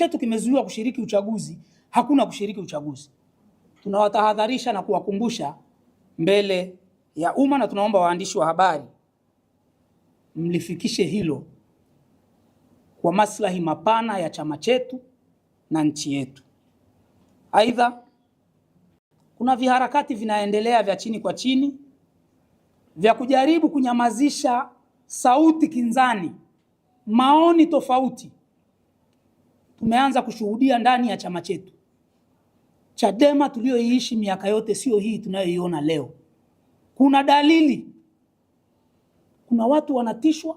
chetu kimezuiwa kushiriki uchaguzi, hakuna kushiriki uchaguzi. Tunawatahadharisha na kuwakumbusha mbele ya umma, na tunaomba waandishi wa habari mlifikishe hilo kwa maslahi mapana ya chama chetu na nchi yetu. Aidha, kuna viharakati vinaendelea vya chini kwa chini vya kujaribu kunyamazisha sauti kinzani, maoni tofauti tumeanza kushuhudia ndani ya chama chetu. Chadema tuliyoiishi miaka yote sio hii tunayoiona leo. Kuna dalili, kuna watu wanatishwa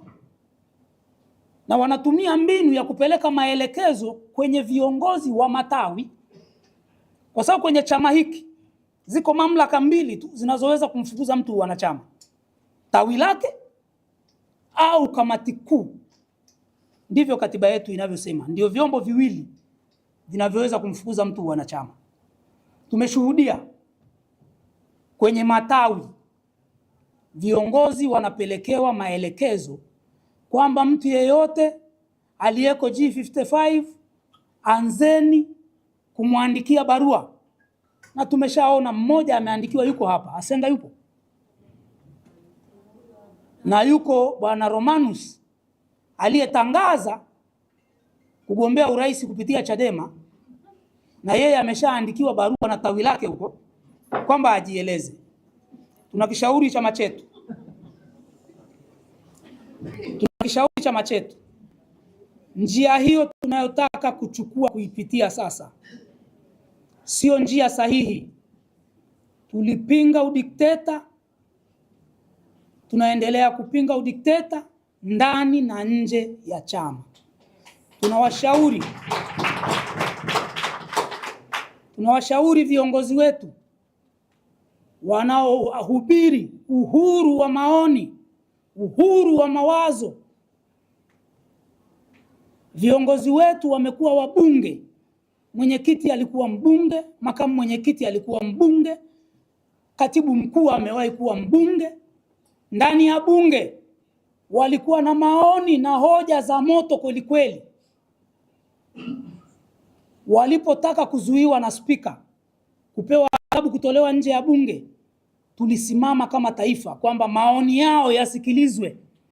na wanatumia mbinu ya kupeleka maelekezo kwenye viongozi wa matawi, kwa sababu kwenye chama hiki ziko mamlaka mbili tu zinazoweza kumfukuza mtu wanachama, tawi lake au kamati kuu ndivyo katiba yetu inavyosema, ndio vyombo viwili vinavyoweza kumfukuza mtu wanachama. Tumeshuhudia kwenye matawi viongozi wanapelekewa maelekezo kwamba mtu yeyote aliyeko G55 anzeni kumwandikia barua, na tumeshaona mmoja ameandikiwa, yuko hapa Asenga, yupo na yuko bwana Romanus aliyetangaza kugombea urais kupitia Chadema na yeye ameshaandikiwa barua na tawi lake huko kwamba ajieleze. Tuna kishauri chama chetu, tuna kishauri chama chetu, njia hiyo tunayotaka kuchukua kuipitia sasa sio njia sahihi. Tulipinga udikteta, tunaendelea kupinga udikteta ndani na nje ya chama. Tunawashauri, tunawashauri viongozi wetu wanaohubiri uhuru wa maoni, uhuru wa mawazo. Viongozi wetu wamekuwa wabunge, mwenyekiti alikuwa mbunge, makamu mwenyekiti alikuwa mbunge, katibu mkuu amewahi kuwa mbunge ndani ya bunge walikuwa na maoni na hoja za moto kwelikweli. Walipotaka kuzuiwa na spika, kupewa adhabu, kutolewa nje ya bunge, tulisimama kama taifa kwamba maoni yao yasikilizwe.